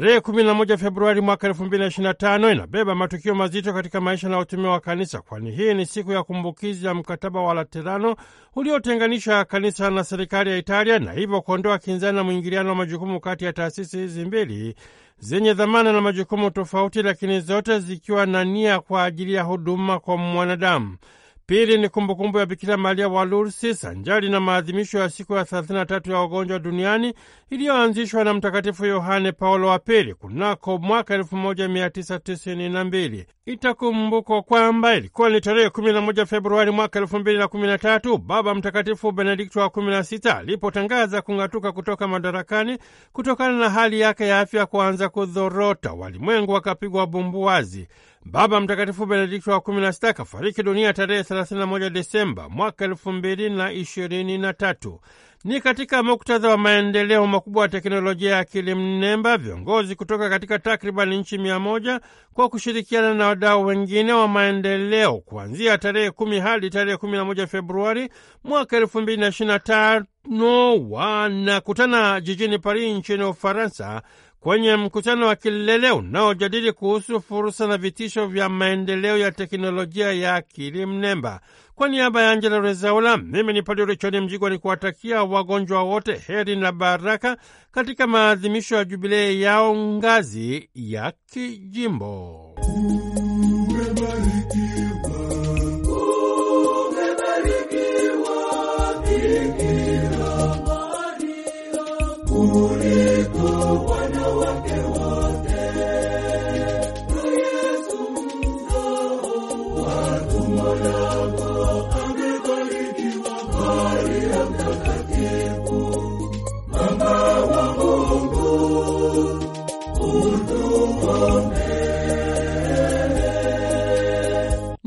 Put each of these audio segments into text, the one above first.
Tarehe 11 Februari mwaka 2025 inabeba matukio mazito katika maisha na utume wa kanisa, kwani hii ni siku ya kumbukizi ya mkataba wa Laterano uliotenganisha kanisa na serikali ya Italia na hivyo kuondoa kinzani na mwingiliano wa majukumu kati ya taasisi hizi mbili zenye dhamana na majukumu tofauti, lakini zote zikiwa na nia kwa ajili ya huduma kwa mwanadamu. Pili ni kumbukumbu kumbu ya Bikira Maria wa lursi sanjari na maadhimisho ya siku ya 33 ya wagonjwa duniani iliyoanzishwa na Mtakatifu Yohane Paulo wa Pili kunako mwaka 1992. Itakumbukwa kwamba ilikuwa ni tarehe 11 Februari mwaka 2013 Baba Mtakatifu Benedikto wa 16 alipotangaza kung'atuka kutoka madarakani kutokana na hali yake ya afya kuanza kudhorota, walimwengu wakapigwa bumbuwazi. Baba Mtakatifu Benedikto wa 16 kafariki dunia tarehe 31 Desemba mwaka 2023. Ni katika muktadha wa maendeleo makubwa ya teknolojia ya akili mnemba, viongozi kutoka katika takribani nchi mia moja kwa kushirikiana na wadau wengine wa maendeleo kuanzia tarehe kumi hadi tarehe 11 Februari mwaka tano wanakutana jijini Paris nchini Ufaransa kwenye mkutano wa kilele unaojadili kuhusu fursa na vitisho vya maendeleo ya teknolojia ya akili mnemba. Kwa niaba ya Angela Rezaula, mimi ni Padre Richard Mjigwa ni kuwatakia wagonjwa wote heri na baraka katika maadhimisho ya jubilei yao ngazi ya kijimbo.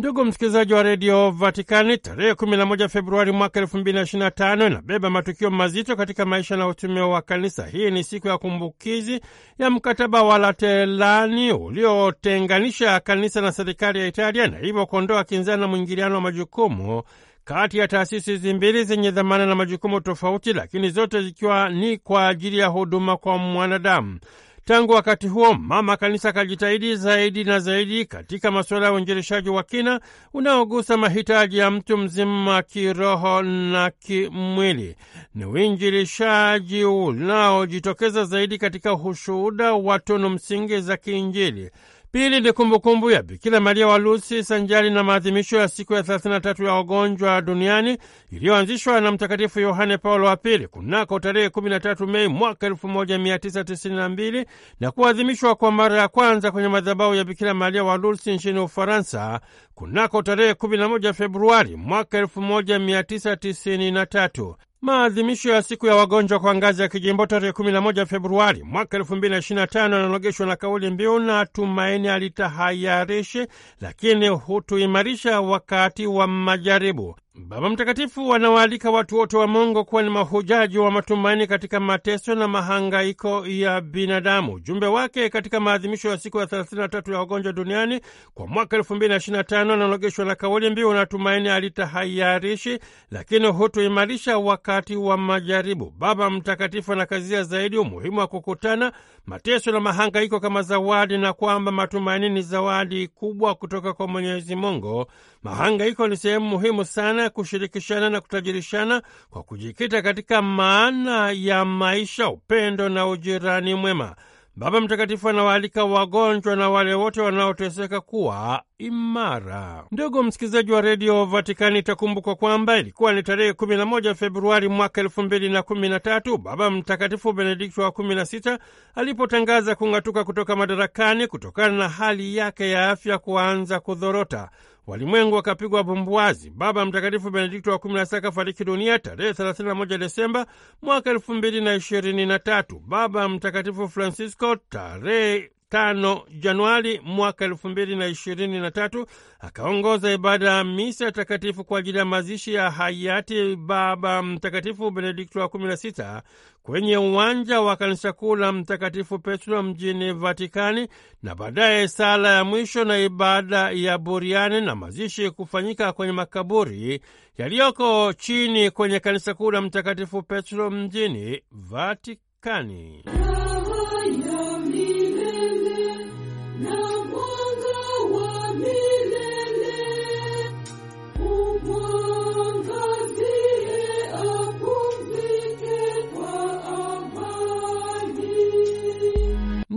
Ndugu msikilizaji wa redio Vatikani, tarehe 11 Februari mwaka 2025 inabeba matukio mazito katika maisha na utume wa kanisa. Hii ni siku ya kumbukizi ya mkataba wa Laterani uliotenganisha kanisa na serikali ya Italia na hivyo kuondoa kinzana na mwingiliano wa majukumu kati ya taasisi hizi mbili zenye dhamana na majukumu tofauti, lakini zote zikiwa ni kwa ajili ya huduma kwa mwanadamu. Tangu wakati huo mama kanisa kajitahidi zaidi na zaidi katika masuala ya uinjilishaji wa kina unaogusa mahitaji ya mtu mzima kiroho na kimwili. Ni uinjilishaji unaojitokeza zaidi katika ushuhuda wa tunu msingi za kiinjili. Pili ni kumbukumbu ya Bikira Maria wa Lusi sanjali na maadhimisho ya siku ya 33 ya wagonjwa duniani iliyoanzishwa na Mtakatifu Yohane Paulo wa Pili kunako tarehe 13 Mei mwaka 1992 na kuadhimishwa kwa mara ya kwanza kwenye madhabahu ya Bikira Maria wa Lusi nchini Ufaransa kunako tarehe 11 Februari mwaka 1993 maadhimisho ya siku ya wagonjwa kwa ngazi ya kijimbo tarehe 11 Februari mwaka 2025 yananogeshwa na kauli mbiu na tumaini alitahayarishi, lakini hutuimarisha wakati wa majaribu. Baba Mtakatifu anawaalika watu wote wa Mungu kuwa ni mahujaji wa matumaini katika mateso na mahangaiko ya binadamu. Ujumbe wake katika maadhimisho ya siku ya 33 ya wagonjwa duniani kwa mwaka 2025 anaonogeshwa na kauli mbiu na tumaini alitahayarishi, lakini hutuimarisha wakati wa majaribu. Baba Mtakatifu anakazia zaidi umuhimu wa kukutana mateso na mahangaiko kama zawadi, na kwamba matumaini ni zawadi kubwa kutoka kwa Mwenyezi Mungu Mahangaiko ni sehemu muhimu sana ya kushirikishana na kutajirishana kwa kujikita katika maana ya maisha, upendo na ujirani mwema. Baba Mtakatifu anawaalika wagonjwa na wale wote wanaoteseka kuwa imara. Ndugu msikilizaji wa redio Vatikani, itakumbukwa kwamba ilikuwa ni tarehe 11 Februari mwaka 2013 Baba Mtakatifu Benedikto wa 16 alipotangaza kung'atuka kutoka madarakani kutokana na hali yake ya afya kuanza kudhorota. Walimwengu wakapigwa bumbuazi. Baba Mtakatifu Benedikto wa 16 kafariki dunia tarehe 31 Desemba mwaka 2023. Baba Mtakatifu Francisco tarehe tano Januari mwaka elfu mbili na ishirini na tatu akaongoza ibada ya misa takatifu kwa ajili ya mazishi ya hayati Baba Mtakatifu Benedikto wa kumi na sita kwenye uwanja wa kanisa kuu la Mtakatifu Petro mjini Vatikani, na baadaye sala ya mwisho na ibada ya buriani na mazishi kufanyika kwenye makaburi yaliyoko chini kwenye kanisa kuu la Mtakatifu Petro mjini Vatikani.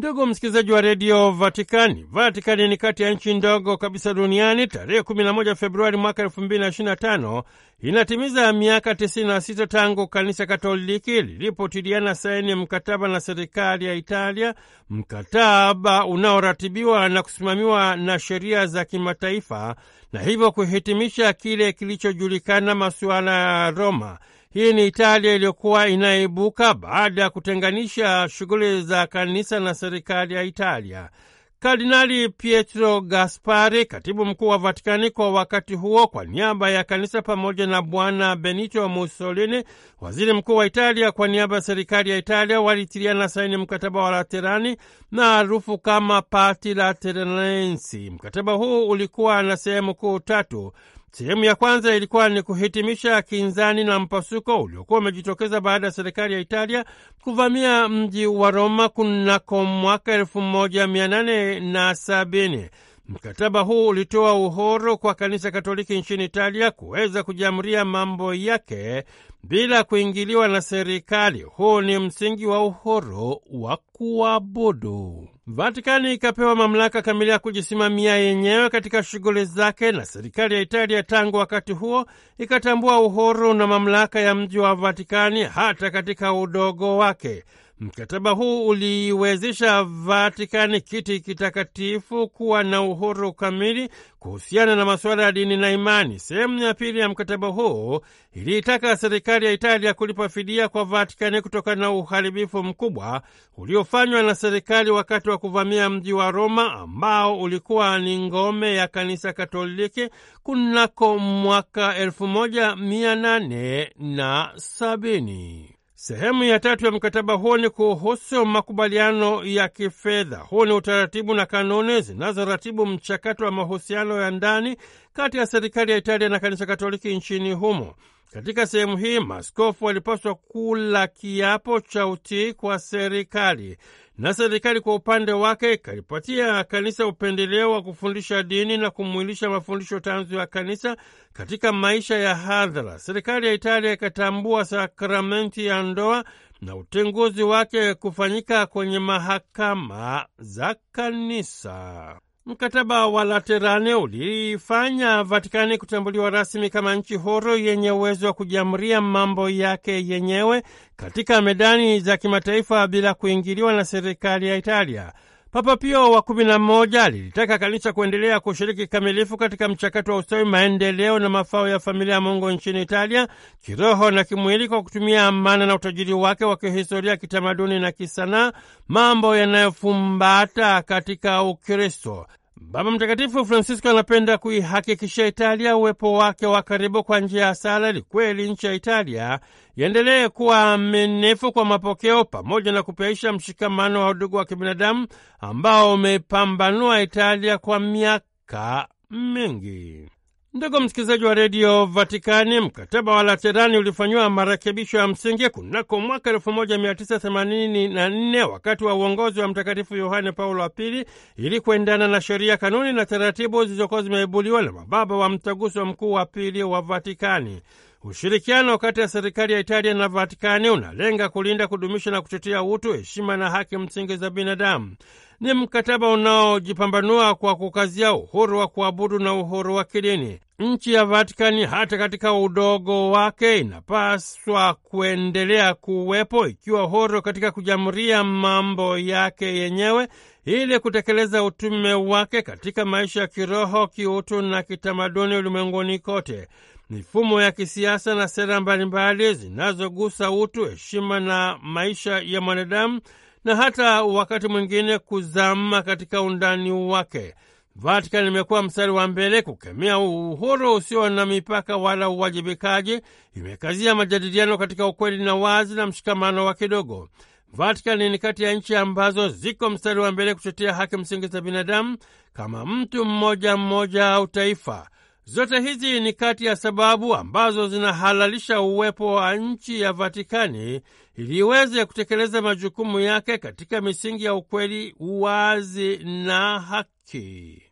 Ndugu msikilizaji wa redio Vatikani, Vatikani ni kati ya nchi ndogo kabisa duniani. Tarehe 11 Februari mwaka 2025 inatimiza miaka 96 tangu kanisa Katoliki lilipotiliana saini mkataba na serikali ya Italia, mkataba unaoratibiwa na kusimamiwa na sheria za kimataifa na hivyo kuhitimisha kile kilichojulikana masuala ya Roma. Hii ni Italia iliyokuwa inaibuka baada ya kutenganisha shughuli za kanisa na serikali ya Italia. Kardinali Pietro Gaspari, katibu mkuu wa Vatikani kwa wakati huo, kwa niaba ya kanisa, pamoja na Bwana Benito Mussolini, waziri mkuu wa Italia, kwa niaba ya serikali ya Italia, na saini mkataba wa Laterani maarufu kama Pati Lateranensi. Mkataba huu ulikuwa na sehemu kuu tatu. Sehemu ya kwanza ilikuwa ni kuhitimisha kinzani na mpasuko uliokuwa umejitokeza baada ya serikali ya Italia kuvamia mji wa Roma kunako mwaka elfu moja mia nane na sabini. Mkataba huu ulitoa uhuru kwa kanisa Katoliki nchini Italia kuweza kujiamulia mambo yake bila kuingiliwa na serikali. Huu ni msingi wa uhuru wa kuabudu. Vatikani ikapewa mamlaka kamili ya kujisimamia yenyewe katika shughuli zake, na serikali ya Italia tangu wakati huo ikatambua uhuru na mamlaka ya mji wa Vatikani hata katika udogo wake. Mkataba huu uliiwezesha Vatikani kiti kitakatifu kuwa na uhuru kamili kuhusiana na masuala ya dini na imani. Sehemu ya pili ya mkataba huu iliitaka serikali ya Italia kulipa fidia kwa Vatikani kutokana na uharibifu mkubwa uliofanywa na serikali wakati wa kuvamia mji wa Roma ambao ulikuwa ni ngome ya kanisa Katoliki kunako mwaka elfu moja mia nane na sabini. Sehemu ya tatu ya mkataba huo ni kuhusu makubaliano ya kifedha. Huu ni utaratibu na kanuni zinazoratibu mchakato wa mahusiano ya ndani kati ya serikali ya Italia na kanisa Katoliki nchini humo. Katika sehemu hii maskofu walipaswa kula kiapo cha utii kwa serikali, na serikali kwa upande wake ikalipatia kanisa upendeleo wa kufundisha dini na kumwilisha mafundisho tanzu ya kanisa katika maisha ya hadhara. Serikali ya Italia ikatambua sakramenti ya ndoa na utenguzi wake kufanyika kwenye mahakama za kanisa. Mkataba wa Laterane ulifanya Vatikani kutambuliwa rasmi kama nchi huru yenye uwezo wa kujiamulia mambo yake yenyewe katika medani za kimataifa bila kuingiliwa na serikali ya Italia. Papa Pio wa kumi na moja alilitaka kanisa kuendelea kushiriki kikamilifu katika mchakato wa ustawi, maendeleo na mafao ya familia ya Mungu nchini Italia kiroho na kimwili, kwa kutumia amana na utajiri wake wa kihistoria, kitamaduni na kisanaa, mambo yanayofumbata katika Ukristo. Baba Mtakatifu Francisco anapenda kuihakikishia Italia uwepo wake wa karibu kwa njia ya sala, ili kweli nchi ya Italia iendelee kuwa aminifu kwa mapokeo pamoja na kupeisha mshikamano wa udugu wa kibinadamu ambao umepambanua Italia kwa miaka mingi. Ndugu msikilizaji wa redio Vatikani, mkataba wa Laterani ulifanyiwa marekebisho ya msingi kunako mwaka 1984 wakati wa uongozi wa Mtakatifu Yohane Paulo wa Pili, ili kuendana na sheria, kanuni na taratibu zilizokuwa zimeibuliwa na mababa wa Mtaguso Mkuu wa Pili wa Vatikani. Ushirikiano kati ya serikali ya Italia na Vatikani unalenga kulinda, kudumisha na kutetea utu, heshima na haki msingi za binadamu. Ni mkataba unaojipambanua kwa kukazia uhuru wa kuabudu na uhuru wa kidini. Nchi ya Vatikani hata katika udogo wake inapaswa kuendelea kuwepo ikiwa huru katika kujamuria mambo yake yenyewe ili kutekeleza utume wake katika maisha ya kiroho, kiutu na kitamaduni ulimwenguni kote. Mifumo ya kisiasa na sera mbalimbali zinazogusa utu, heshima na maisha ya mwanadamu na hata wakati mwingine kuzama katika undani wake. Vatikani imekuwa mstari wa mbele kukemea uhuru usio na mipaka wala uwajibikaji. Imekazia majadiliano katika ukweli na wazi na mshikamano wa kidogo. Vatikani ni kati ya nchi ambazo ziko mstari wa mbele kutetea haki msingi za binadamu kama mtu mmoja mmoja au taifa. Zote hizi ni kati ya sababu ambazo zinahalalisha uwepo wa nchi ya Vatikani ili iweze kutekeleza majukumu yake katika misingi ya ukweli, uwazi na haki.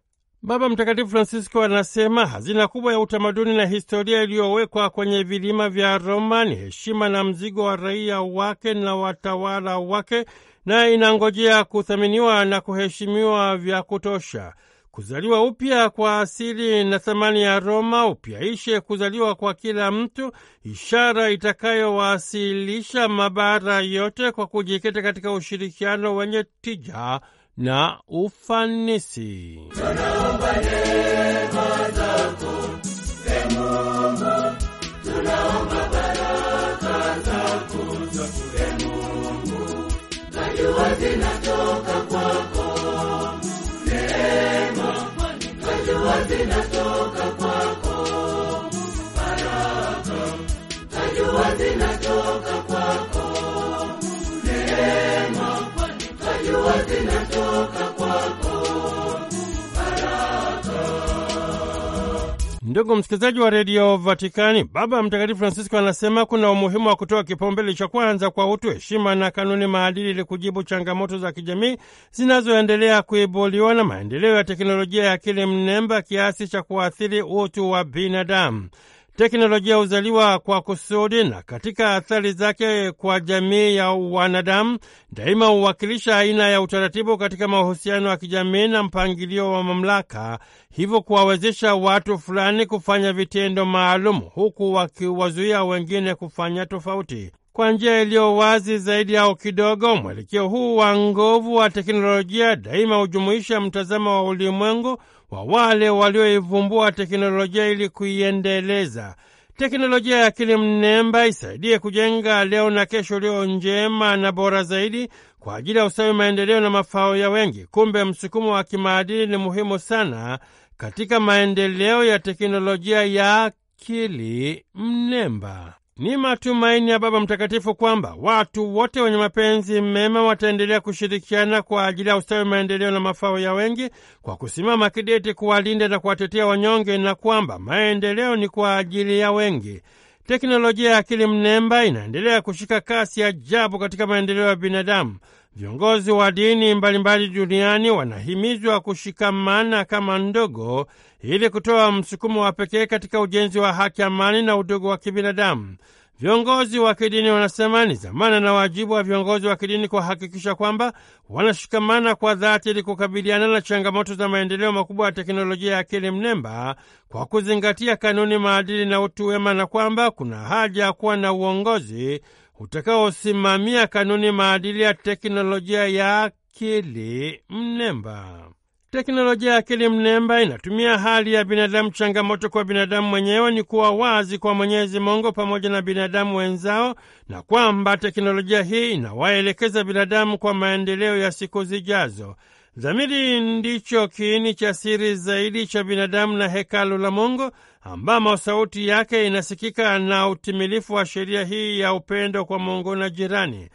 Baba Mtakatifu Francisco anasema hazina kubwa ya utamaduni na historia iliyowekwa kwenye vilima vya Roma ni heshima na mzigo wa raia wake na watawala wake, na inangojea kuthaminiwa na kuheshimiwa vya kutosha kuzaliwa upya kwa asili na thamani ya Roma upyaishe kuzaliwa kwa kila mtu, ishara itakayowasilisha mabara yote kwa kujikita katika ushirikiano wenye tija na ufanisi. Tunaomba. Kazi toca. Ndugu msikilizaji wa redio Vatikani, Baba Mtakatifu Francisco anasema kuna umuhimu wa kutoa kipaumbele cha kwanza kwa utu, heshima na kanuni maadili, ili kujibu changamoto za kijamii zinazoendelea kuibuliwa na maendeleo ya teknolojia ya akili mnemba kiasi cha kuathiri utu wa binadamu. Teknolojia huzaliwa kwa kusudi na katika athari zake kwa jamii ya wanadamu daima huwakilisha aina ya utaratibu katika mahusiano ya kijamii na mpangilio wa mamlaka, hivyo kuwawezesha watu fulani kufanya vitendo maalum huku wakiwazuia wengine kufanya tofauti. Kwa njia iliyo wazi zaidi au kidogo, mwelekeo huu wa nguvu wa teknolojia daima hujumuisha mtazamo wa ulimwengu wa wale walioivumbua teknolojia ili kuiendeleza. Teknolojia ya akili mnemba isaidie kujenga leo na kesho ulio njema na bora zaidi kwa ajili ya ustawi, maendeleo na mafao ya wengi. Kumbe msukumo wa kimaadili ni muhimu sana katika maendeleo ya teknolojia ya akili mnemba. Ni matumaini ya Baba Mtakatifu kwamba watu wote wenye mapenzi mema wataendelea kushirikiana kwa ajili ya ustawi, maendeleo na mafao ya wengi kwa kusimama kidete kuwalinda na kuwatetea wanyonge, na kwamba maendeleo ni kwa ajili ya wengi. Teknolojia ya akili mnemba inaendelea kushika kasi ya ajabu katika maendeleo ya binadamu. Viongozi wa dini mbalimbali mbali duniani wanahimizwa kushikamana kama ndogo ili kutoa msukumo wa pekee katika ujenzi wa haki, amani na udugu wa kibinadamu. Viongozi wa kidini wanasema ni dhamana na wajibu wa viongozi wa kidini kuhakikisha kwamba wanashikamana kwa dhati ili kukabiliana na changamoto za maendeleo makubwa ya teknolojia ya akili mnemba kwa kuzingatia kanuni, maadili na utu wema, na kwamba kuna haja ya kuwa na uongozi utakaosimamia kanuni, maadili ya teknolojia ya akili mnemba. Teknolojia ya akili mnemba inatumia hali ya binadamu, changamoto kwa binadamu mwenyewe ni kuwa wazi kwa Mwenyezi Mungu pamoja na binadamu wenzao, na kwamba teknolojia hii inawaelekeza binadamu kwa maendeleo ya siku zijazo. Dhamiri ndicho kiini cha siri zaidi cha binadamu na hekalu la Mungu, ambamo sauti yake inasikika na utimilifu wa sheria hii ya upendo kwa Mungu na jirani.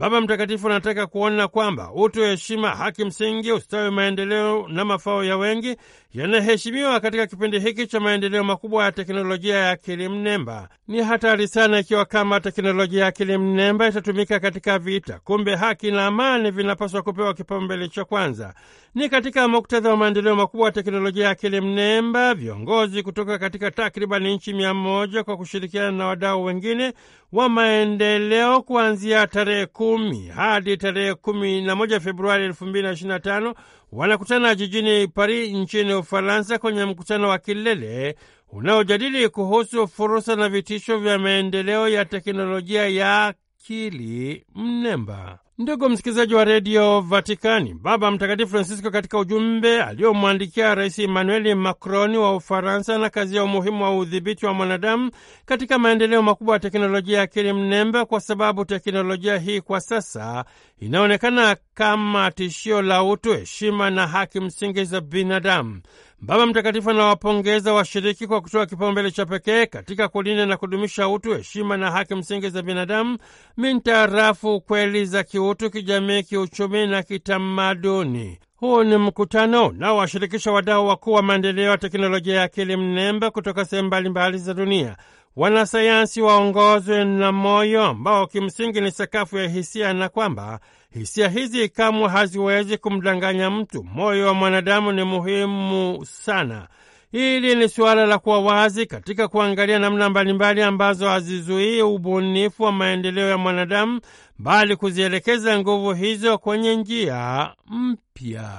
Baba Mtakatifu anataka kuona kwamba utu, heshima, haki msingi, ustawi, maendeleo na mafao ya wengi yanaheshimiwa katika kipindi hiki cha maendeleo makubwa ya teknolojia ya akili mnemba. Ni hatari sana ikiwa kama teknolojia ya akili mnemba itatumika katika vita. Kumbe haki na amani vinapaswa kupewa kipaumbele cha kwanza. Ni katika muktadha wa maendeleo makubwa ya teknolojia ya akili mnemba, viongozi kutoka katika takribani nchi mia moja kwa kushirikiana na wadau wengine wa maendeleo kuanzia tarehe kumi hadi tarehe kumi na moja Februari elfu mbili na ishirini na tano wanakutana jijini Paris nchini Ufaransa kwenye mkutano wa kilele unaojadili kuhusu fursa na vitisho vya maendeleo ya teknolojia ya akili mnemba. Ndugu msikilizaji wa redio Vatikani, Baba Mtakatifu Francisco katika ujumbe aliyomwandikia Rais Emmanuel Macroni wa Ufaransa na kazi ya umuhimu wa udhibiti wa mwanadamu katika maendeleo makubwa ya teknolojia ya akili mnemba, kwa sababu teknolojia hii kwa sasa inaonekana kama tishio la utu, heshima na haki msingi za binadamu. Baba Mtakatifu anawapongeza washiriki kwa kutoa kipaumbele cha pekee katika kulinda na kudumisha utu, heshima na haki msingi za binadamu mintarafu kweli za kiutu, kijamii, kiuchumi na kitamaduni. Huu ni mkutano unaowashirikisha wadau wakuu wa maendeleo ya teknolojia ya akili mnemba kutoka sehemu mbalimbali za dunia. Wanasayansi waongozwe na moyo ambao kimsingi ni sakafu ya hisia, na kwamba Hisia hizi kamwe haziwezi kumdanganya mtu. Moyo wa mwanadamu ni muhimu sana. Hili ni suala la kuwa wazi katika kuangalia namna mbalimbali ambazo hazizuii ubunifu wa maendeleo ya mwanadamu, bali kuzielekeza nguvu hizo kwenye njia mpya.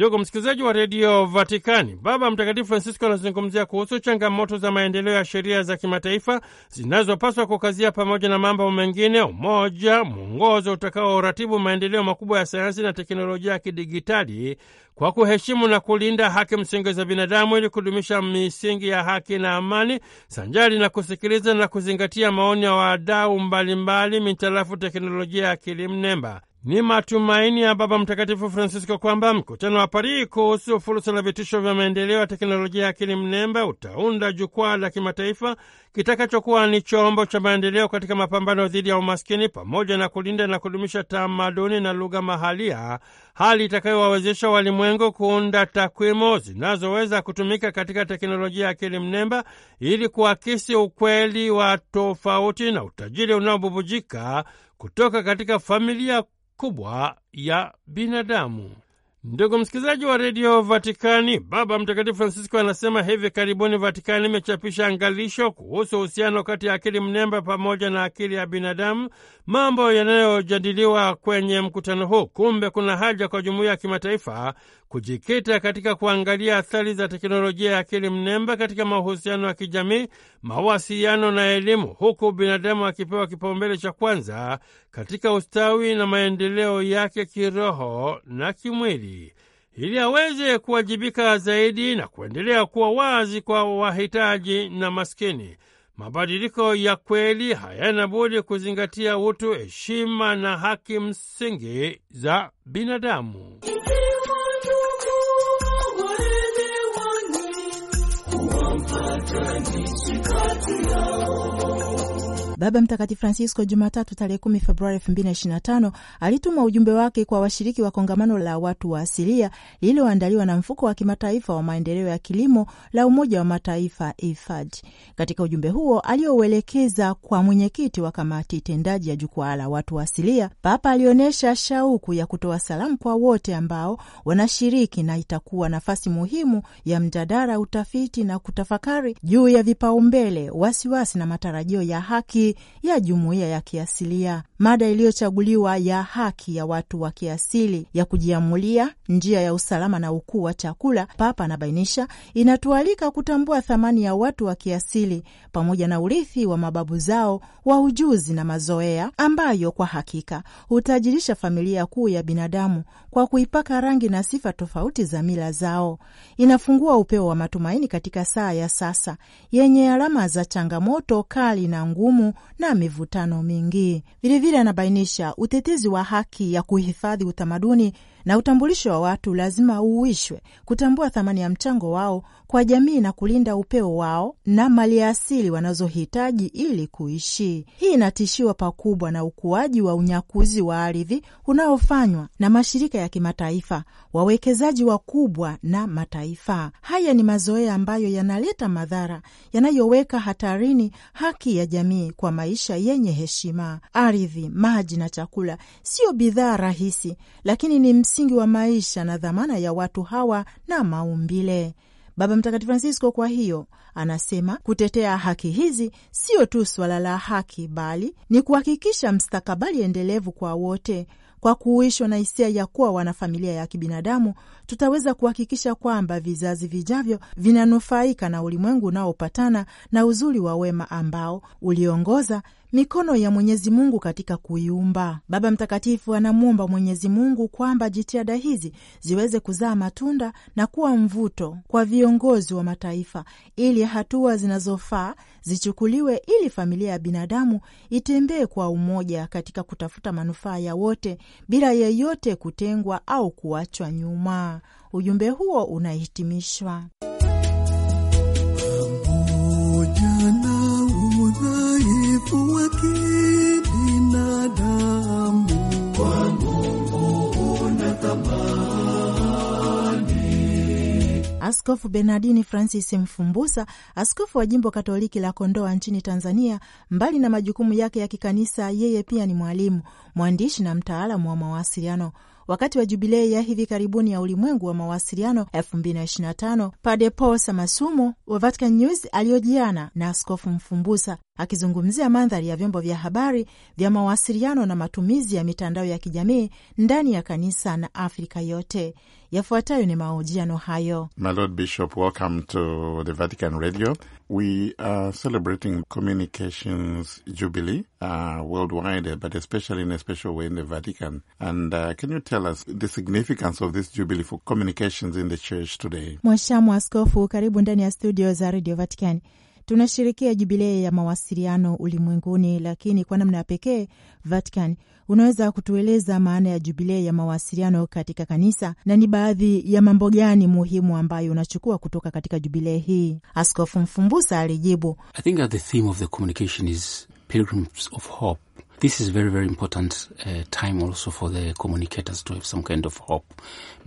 Ndugu msikilizaji wa redio Vatikani, Baba Mtakatifu Francisco anazungumzia kuhusu changamoto za maendeleo ya sheria za kimataifa zinazopaswa kukazia, pamoja na mambo mengine, umoja, mwongozo utakaoratibu maendeleo makubwa ya sayansi na teknolojia ya kidigitali kwa kuheshimu na kulinda haki msingi za binadamu ili kudumisha misingi ya haki na amani, sanjari na kusikiliza na kuzingatia maoni ya wadau mbalimbali mitarafu teknolojia ya kilimnemba. Ni matumaini ya Baba Mtakatifu Francisco kwamba mkutano wa Paris kuhusu fursa na vitisho vya maendeleo ya teknolojia ya akili mnemba utaunda jukwaa la kimataifa kitakachokuwa ni chombo cha maendeleo katika mapambano dhidi ya umaskini pamoja na kulinda na kudumisha tamaduni na lugha mahalia, hali itakayowawezesha walimwengu kuunda takwimu zinazoweza kutumika katika teknolojia ya akili mnemba ili kuakisi ukweli wa tofauti na utajiri unaobubujika kutoka katika familia kubwa ya binadamu. Ndugu msikilizaji wa redio Vatikani, Baba Mtakatifu Francisco anasema hivi karibuni Vatikani imechapisha angalisho kuhusu uhusiano kati ya akili mnemba pamoja na akili ya binadamu, mambo yanayojadiliwa kwenye mkutano huu. Kumbe kuna haja kwa jumuiya ya kimataifa kujikita katika kuangalia athari za teknolojia ya akili mnemba katika mahusiano ya kijamii, mawasiliano na elimu, huku binadamu akipewa kipaumbele cha kwanza katika ustawi na maendeleo yake kiroho na kimwili, ili aweze kuwajibika zaidi na kuendelea kuwa wazi kwa wahitaji na maskini. Mabadiliko ya kweli hayana budi kuzingatia utu, heshima na haki msingi za binadamu. Baba Mtakatifu Francisco Jumatatu tarehe kumi Februari elfu mbili na na tano alituma ujumbe wake kwa washiriki wa kongamano la watu wa asilia lililoandaliwa na mfuko wa kimataifa wa maendeleo ya kilimo la Umoja wa Mataifa IFAD. E Katika ujumbe huo aliouelekeza kwa mwenyekiti wa kamati tendaji ya jukwaa la watu wa asilia, Papa alionyesha shauku ya kutoa salamu kwa wote ambao wanashiriki, na itakuwa nafasi muhimu ya mjadala, utafiti na kutafakari juu ya vipaumbele, wasiwasi na matarajio ya haki ya jumuiya ya kiasilia. Mada iliyochaguliwa ya haki ya watu wa kiasili ya kujiamulia njia ya usalama na ukuu wa chakula, Papa anabainisha, inatualika kutambua thamani ya watu wa kiasili pamoja na urithi wa mababu zao wa ujuzi na mazoea, ambayo kwa hakika hutajirisha familia kuu ya binadamu kwa kuipaka rangi na sifa tofauti za mila zao. Inafungua upeo wa matumaini katika saa ya sasa yenye alama za changamoto kali na ngumu na mivutano mingi. Vilevile anabainisha utetezi wa haki ya kuhifadhi utamaduni na utambulisho wa watu lazima uuishwe kutambua thamani ya mchango wao kwa jamii na kulinda upeo wao na maliasili wanazohitaji ili kuishi. Hii inatishiwa pakubwa na ukuaji wa unyakuzi wa ardhi unaofanywa na mashirika ya kimataifa, wawekezaji wakubwa na mataifa. Haya ni mazoea ambayo yanaleta madhara yanayoweka hatarini haki ya jamii kwa maisha yenye heshima. Ardhi, maji na chakula sio bidhaa rahisi, lakini ni msingi wa maisha na dhamana ya watu hawa na maumbile. Baba Mtakatifu Francisco kwa hiyo anasema kutetea haki hizi siyo tu swala la haki, bali ni kuhakikisha mstakabali endelevu kwa wote. Kwa kuuishwa na hisia ya kuwa wanafamilia ya kibinadamu, tutaweza kuhakikisha kwamba vizazi vijavyo vinanufaika na ulimwengu unaopatana na uzuri wa wema ambao uliongoza mikono ya Mwenyezi Mungu katika kuiumba. Baba Mtakatifu anamwomba Mwenyezi Mungu kwamba jitihada hizi ziweze kuzaa matunda na kuwa mvuto kwa viongozi wa mataifa, ili hatua zinazofaa zichukuliwe, ili familia ya binadamu itembee kwa umoja katika kutafuta manufaa ya wote bila yeyote kutengwa au kuachwa nyuma. Ujumbe huo unahitimishwa. Askofu Benardini Francis Mfumbusa, askofu wa jimbo Katoliki la Kondoa nchini Tanzania, mbali na majukumu yake ya kikanisa, yeye pia ni mwalimu, mwandishi na mtaalamu wa mawasiliano. Wakati wa jubilei ya hivi karibuni ya ulimwengu wa mawasiliano 2025 Pade Paul Samasumo wa Vatican News aliyojiana na askofu Mfumbusa akizungumzia mandhari ya vyombo vya habari vya mawasiliano na matumizi ya mitandao ya kijamii ndani ya kanisa na Afrika yote. Yafuatayo ni mahojiano hayo. My Lord Bishop, welcome to the Vatican Radio. We are celebrating communications jubilee uh, worldwide, but especially in a special way in the Vatican. And uh, can you tell us the significance of this jubilee for communications in the church today? Mwashamu Askofu, karibu ndani ya studio za Radio Vatican. Tunasherekea jubilei ya mawasiliano ulimwenguni, lakini kwa namna ya pekee Vatican unaweza kutueleza maana ya jubilei ya mawasiliano katika kanisa na ni baadhi ya mambo gani muhimu ambayo unachukua kutoka katika jubilei hii? Askofu Mfumbusa alijibu, I think the theme of the communication is pilgrims of hope. This is very, very important uh, time also for the communicators to have some kind of hope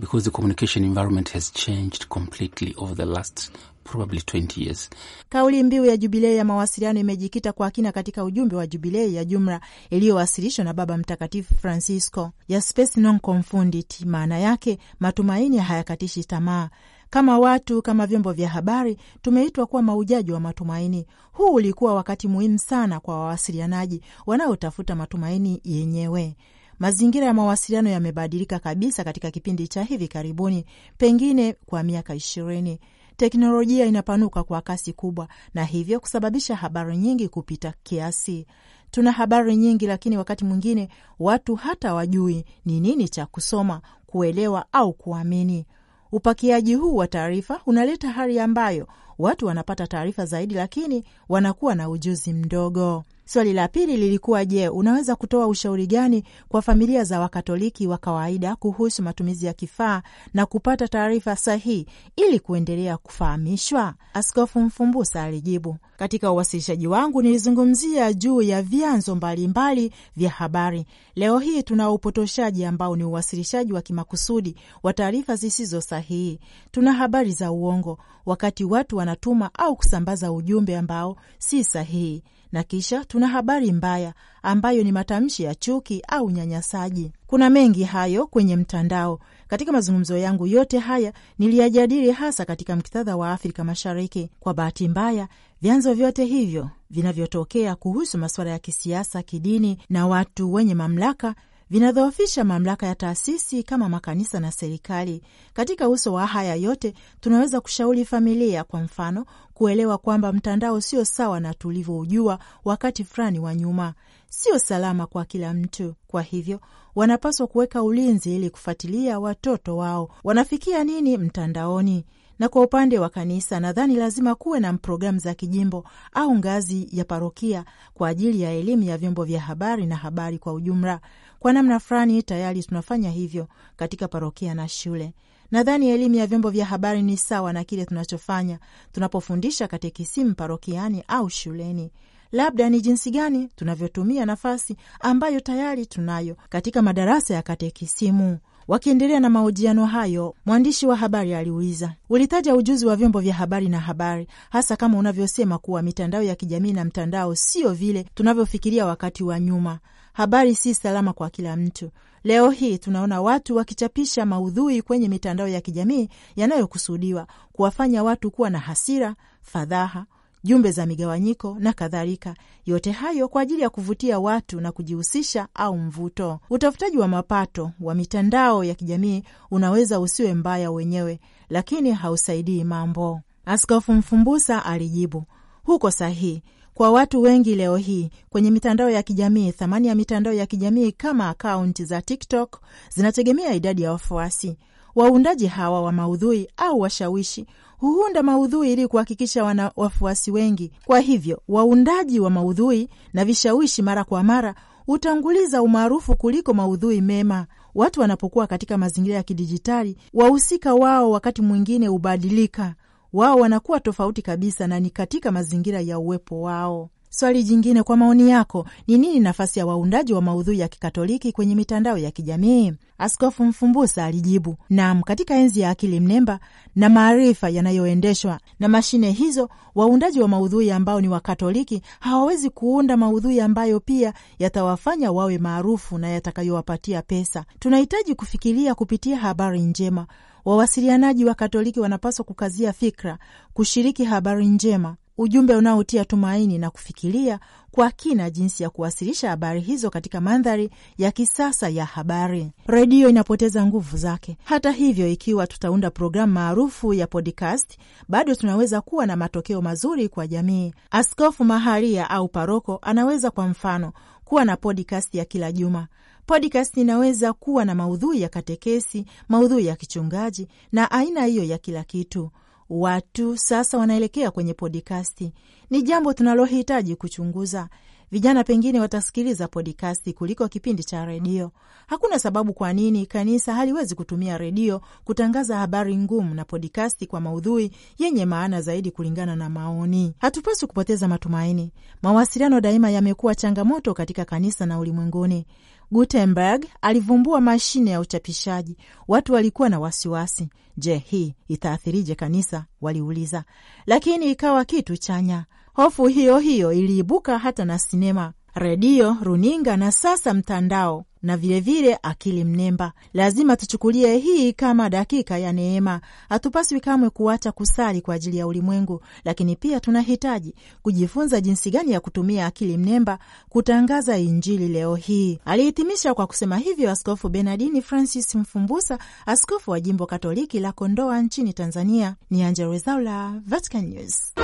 because the communication environment has changed completely over the last probably 20 years. Kauli mbiu ya jubilei ya mawasiliano imejikita kwa kina katika ujumbe wa jubilei ya jumla iliyowasilishwa na Baba Mtakatifu Francisco ya spes non confundit, maana yake matumaini hayakatishi tamaa. Kama watu kama vyombo vya habari tumeitwa kuwa maujaji wa matumaini. Huu ulikuwa wakati muhimu sana kwa wawasilianaji wanaotafuta matumaini yenyewe. Mazingira ya mawasiliano yamebadilika kabisa katika kipindi cha hivi karibuni, pengine kwa miaka ishirini. Teknolojia inapanuka kwa kasi kubwa na hivyo kusababisha habari nyingi kupita kiasi. Tuna habari nyingi, lakini wakati mwingine watu hata wajui ni nini cha kusoma, kuelewa au kuamini. Upakiaji huu wa taarifa unaleta hali ambayo watu wanapata taarifa zaidi, lakini wanakuwa na ujuzi mdogo. Swali la pili lilikuwa je, unaweza kutoa ushauri gani kwa familia za Wakatoliki wa kawaida kuhusu matumizi ya kifaa na kupata taarifa sahihi ili kuendelea kufahamishwa? Askofu Mfumbusa alijibu: katika uwasilishaji wangu nilizungumzia juu ya vyanzo mbalimbali vya habari. Leo hii tuna upotoshaji ambao ni uwasilishaji wa kimakusudi wa taarifa zisizo sahihi. Tuna habari za uongo, wakati watu wanatuma au kusambaza ujumbe ambao si sahihi. Na kisha tuna habari mbaya ambayo ni matamshi ya chuki au unyanyasaji. Kuna mengi hayo kwenye mtandao. Katika mazungumzo yangu yote haya niliyajadili hasa katika muktadha wa Afrika Mashariki. Kwa bahati mbaya, vyanzo vyote hivyo vinavyotokea kuhusu masuala ya kisiasa, kidini na watu wenye mamlaka vinadhoofisha mamlaka ya taasisi kama makanisa na serikali. Katika uso wa haya yote, tunaweza kushauri familia, kwa mfano, kuelewa kwamba mtandao sio sawa na tulivyoujua wakati fulani wa nyuma, sio salama kwa kila mtu. Kwa hivyo wanapaswa kuweka ulinzi ili kufuatilia watoto wao wanafikia nini mtandaoni. Na kwa upande wa kanisa, nadhani lazima kuwe na programu za kijimbo au ngazi ya parokia kwa ajili ya elimu ya vyombo vya habari na habari kwa ujumla. Kwa namna fulani, tayari tunafanya hivyo katika parokia na shule. Nadhani elimu ya vyombo vya habari ni sawa na kile tunachofanya tunapofundisha katekisimu parokiani au shuleni labda ni jinsi gani tunavyotumia nafasi ambayo tayari tunayo katika madarasa ya katekisimu. Wakiendelea na mahojiano hayo, mwandishi wa habari aliuliza, ulitaja ujuzi wa vyombo vya habari na habari, hasa kama unavyosema kuwa mitandao ya kijamii na mtandao sio vile tunavyofikiria wakati wa nyuma. Habari si salama kwa kila mtu. Leo hii tunaona watu wakichapisha maudhui kwenye mitandao ya kijamii yanayokusudiwa kuwafanya watu kuwa na hasira, fadhaha, jumbe za migawanyiko na kadhalika, yote hayo kwa ajili ya kuvutia watu na kujihusisha au mvuto. Utafutaji wa mapato wa mitandao ya kijamii unaweza usiwe mbaya wenyewe, lakini hausaidii mambo. Askofu Mfumbusa alijibu, huko sahihi kwa watu wengi leo hii kwenye mitandao ya kijamii. Thamani ya mitandao ya kijamii kama akaunti za TikTok zinategemea idadi ya wafuasi. Waundaji hawa wa maudhui au washawishi huunda maudhui ili kuhakikisha wana wafuasi wengi. Kwa hivyo waundaji wa maudhui na vishawishi mara kwa mara hutanguliza umaarufu kuliko maudhui mema. Watu wanapokuwa katika mazingira ya kidijitali, wahusika wao wakati mwingine hubadilika. Wao wanakuwa tofauti kabisa na ni katika mazingira ya uwepo wao. Swali jingine kwa maoni yako ni nini nafasi ya waundaji wa maudhui ya kikatoliki kwenye mitandao ya kijamii? Askofu Mfumbusa alijibu, naam, katika enzi ya akili mnemba na maarifa yanayoendeshwa na mashine hizo, waundaji wa maudhui ambao ni Wakatoliki hawawezi kuunda maudhui ambayo pia yatawafanya wawe maarufu na yatakayowapatia pesa. Tunahitaji kufikiria kupitia habari njema. Wawasilianaji wa Katoliki wanapaswa kukazia fikra, kushiriki habari njema, ujumbe unaotia tumaini na kufikiria kwa kina jinsi ya kuwasilisha habari hizo katika mandhari ya kisasa ya habari. Redio inapoteza nguvu zake. Hata hivyo, ikiwa tutaunda programu maarufu ya podcast, bado tunaweza kuwa na matokeo mazuri kwa jamii. Askofu maharia au paroko anaweza kwa mfano kuwa na podcast ya kila juma. Podcast inaweza kuwa na maudhui ya katekesi, maudhui ya kichungaji na aina hiyo ya kila kitu watu sasa wanaelekea kwenye podikasti. Ni jambo tunalohitaji kuchunguza. Vijana pengine watasikiliza podikasti kuliko kipindi cha redio. Hakuna sababu kwa nini kanisa haliwezi kutumia redio kutangaza habari ngumu na podikasti kwa maudhui yenye maana zaidi kulingana na maoni. Hatupaswi kupoteza matumaini. Mawasiliano daima yamekuwa changamoto katika kanisa na ulimwenguni. Gutenberg alivumbua mashine ya uchapishaji. Watu walikuwa na wasiwasi. Je, hii itaathirije kanisa? Waliuliza, lakini ikawa kitu chanya. Hofu hiyo hiyo iliibuka hata na sinema, redio, runinga na sasa mtandao na vilevile vile akili mnemba. Lazima tuchukulie hii kama dakika ya neema. Hatupaswi kamwe kuacha kusali kwa ajili ya ulimwengu, lakini pia tunahitaji kujifunza jinsi gani ya kutumia akili mnemba kutangaza Injili leo hii. Alihitimisha kwa kusema hivyo Askofu Benardini Francis Mfumbusa, askofu wa jimbo Katoliki la Kondoa nchini Tanzania. Ni Angella Rwezaula, Vatican News.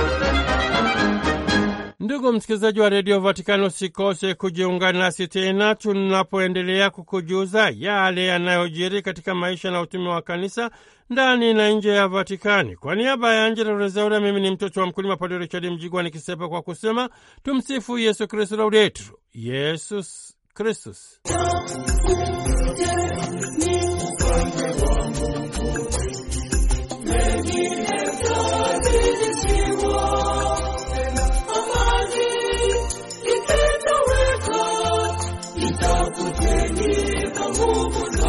Ndugu msikilizaji wa redio Vatikani, usikose kujiunga nasi tena tunapoendelea kukujuza yale yanayojiri katika maisha na utume wa kanisa ndani na nje ya Vatikani. Kwa niaba ya Angela Rezaura, mimi ni mtoto wa mkulima Padre Richard Mjigwa nikisepa kwa kusema tumsifu Yesu Kristu, laudetur Yesus Kristus. Богу